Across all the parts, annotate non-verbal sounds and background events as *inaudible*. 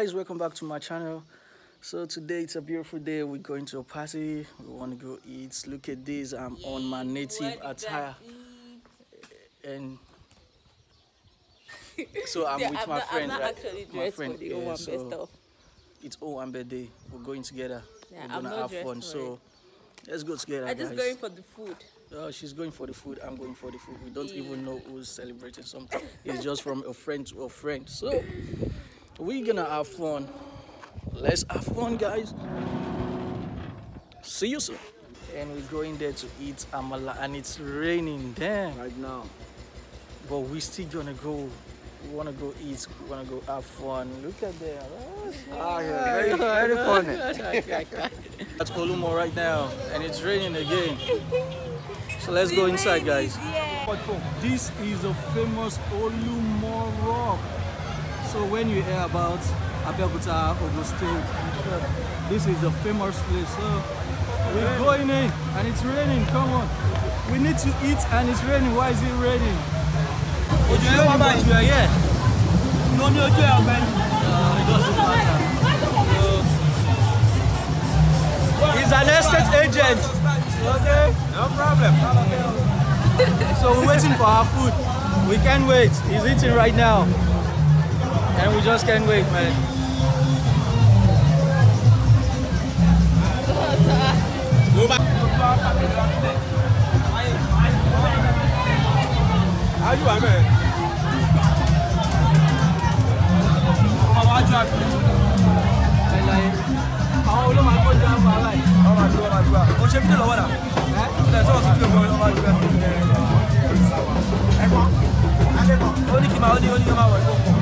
guys welcome back to my channel so today it's a beautiful day we're going to a party we want to go eat look at this i'm on my native attire and *laughs* so i'm yeah, with I'm my not, friend I'm not right? my friend yeah, so it's Owambe day we're going together yeah, we're gonna have fun so let's go together i'm guys. just going for the food Oh, she's going for the food. I'm going for the food. We don't even know who's celebrating something. it's just from a friend to a friend. So *laughs* we gonna have fun. Let's have fun, guys. See you soon. And we're going there to eat amala, and it's raining there right now. But we still gonna go. We wanna go eat. We wanna go have fun. Look at there. Ah, *laughs* very, very fun. *laughs* That's Olumo right now, and it's raining again. So let's go inside, guys. This is a famous Olumo rock. So when you hear about Abeokuta Ogun this is the famous place. So we're going in and it's raining, come on. We need to eat and it's raining. Why is it raining? Ojú you wá báyìí You are here. No ojú ẹ ọ̀gbẹ́ He's an estate agent. Okay, no problem. so we're waiting for our food. We can't wait. He's eating right now. And we just can't wait, man. How you are, man? How olóòmà kò ní àwọn ará yìí. ọmọ àti ọmọ àti wa. o ṣe fídíò lọ́wọ́ náà. ẹ ẹ sọ́wọ́ sí fídíò lọ́wọ́ ọmọ àti wa. ẹ̀gbọ́n alẹ́ kan. ó ní kí n máa ó ní ó ní kí n máa wọ̀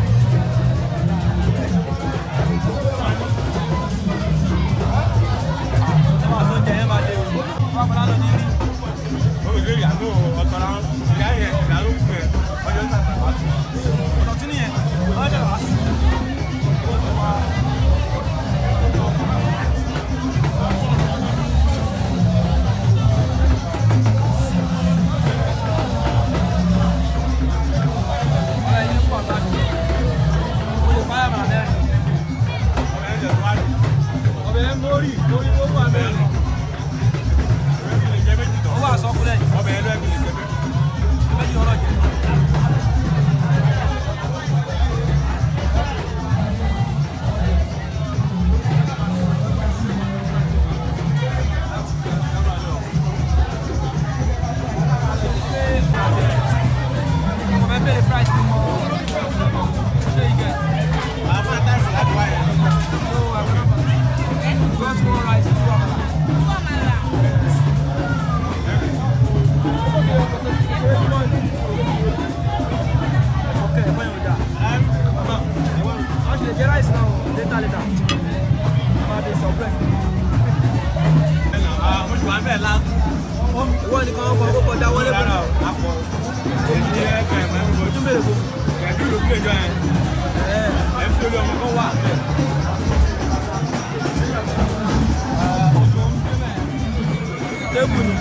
tébù ni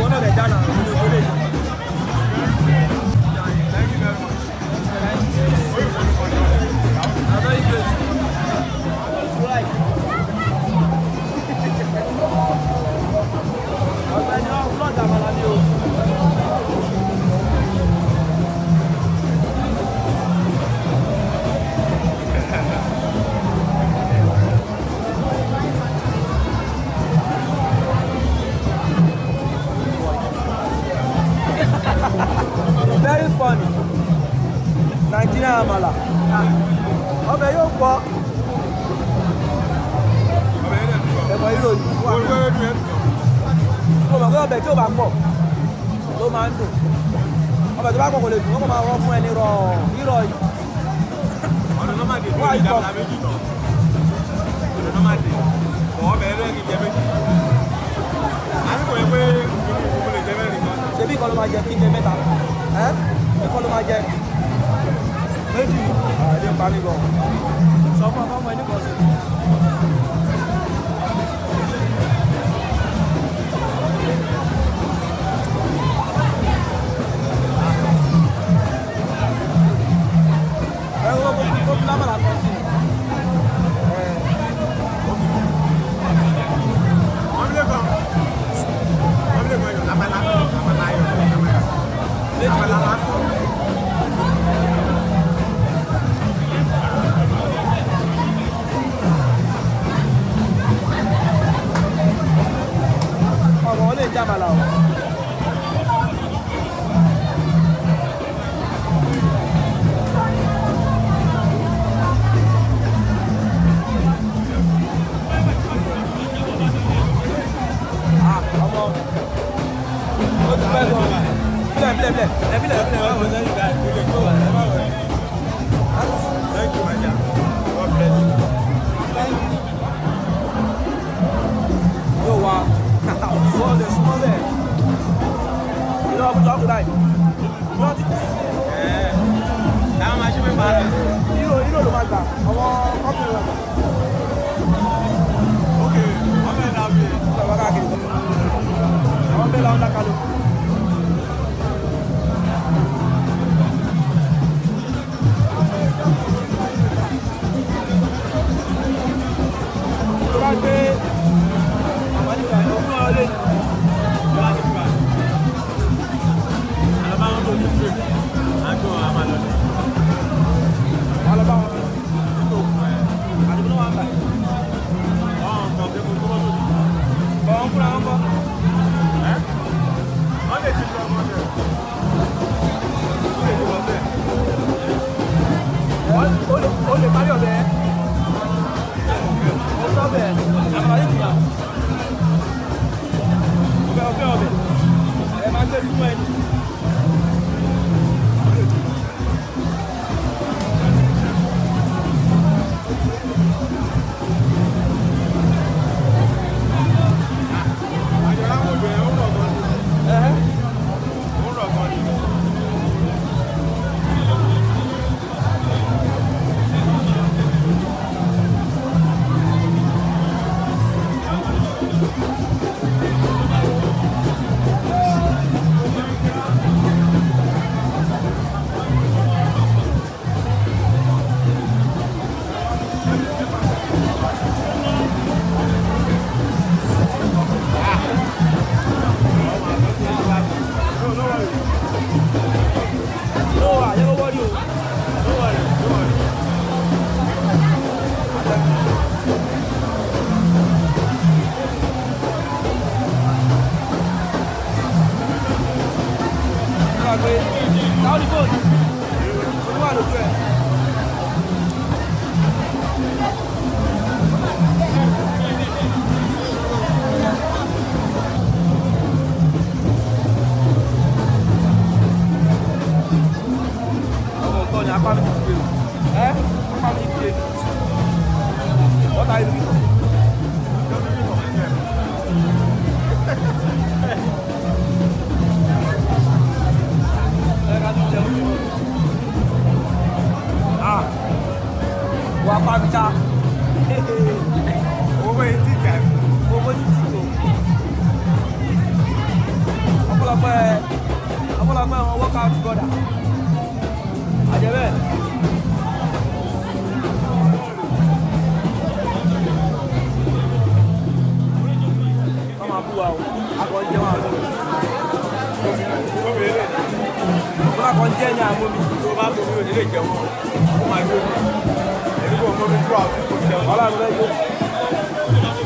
òun náà lè dáná òun ìdàgbà méjì tán ọ̀dọ̀ náà má dé ọ̀ọ́ ẹni kan ṣe. করলে আমার হাত yúrò máa gbà apábíjá *laughs* owó etí jẹ owó títí tó ọ̀pọ̀lọpọ̀ ẹ ọ̀pọ̀lọpọ̀ àwọn workout brother àjẹbẹ. ọmọ àbúwá o akọ̀jẹ́ wọn àbúrò ọmọ akọ̀jẹ́ ni àmọ́ mi tó bá tó mi ò ní lè jẹun ọmọ àbúrò. Ọlọ́run yóò.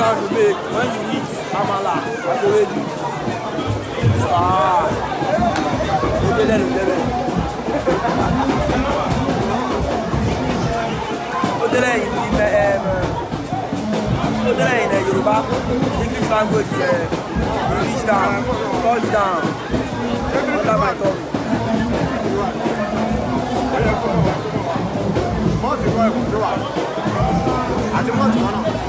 sound you make when you eat amala àti ewédú. ó dé lẹ́nu débẹ̀. ó dé lẹ́yìn ní ẹ um, ó dé lẹ́yìn ní Yorùbá English language ẹ reach down touch down under my tongue. Mọ́tì kọ́ ẹ̀kọ́ tó wà àti mọ́tì kan náà.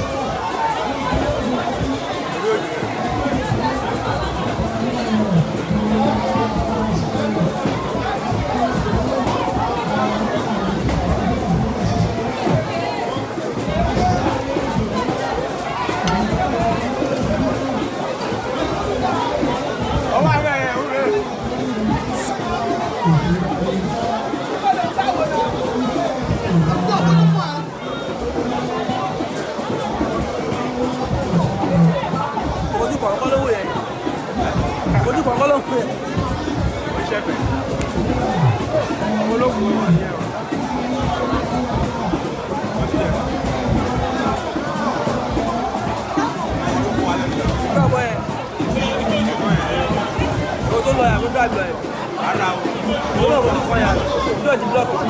pè é. ó ṣe pè é. ọmọ ológun ló wà ní ẹ̀rọ. tó lọ yàgò dàgbà yẹ. ara o ló lọ kọ ya lọ di blọọkì.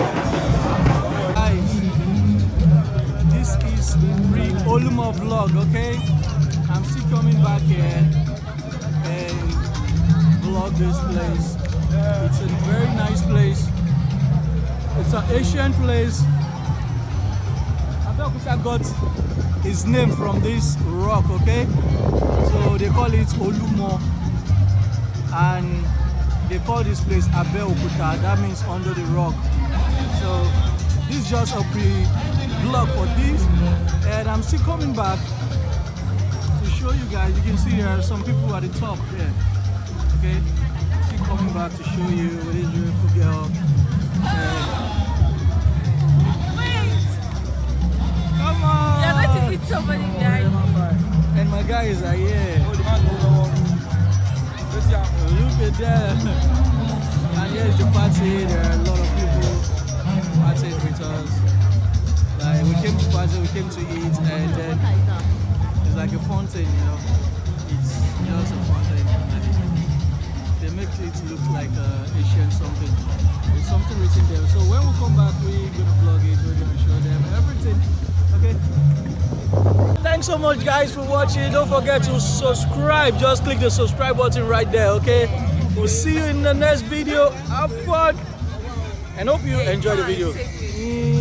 volume of vlog, okay? I'm still coming back here and vlog this place. It's a very nice place. It's an ancient place. Abeokuta got his name from this rock, okay? So they call it Olumo. And they call this place Abeokuta. That means under the rock. So this is just a pre I'm still coming back to show you guys. You can see there are some people at the top Yeah. Okay, still coming back to show you what is beautiful girl. Uh, Come on! You're going to hit somebody behind you. And my guys are here. Oh, the man Look at that. And here's the party. There are a lot of people partying with us we came to eat and it's like a fountain, you know. It's just a fountain and they make it look like uh, Asian something. There's something written there. So when we come back, we're going to vlog it, we're going to show them everything. Okay? Thanks so much guys for watching. Don't forget to subscribe. Just click the subscribe button right there, okay? We'll see you in the next video. Have fun and hope you enjoy the video.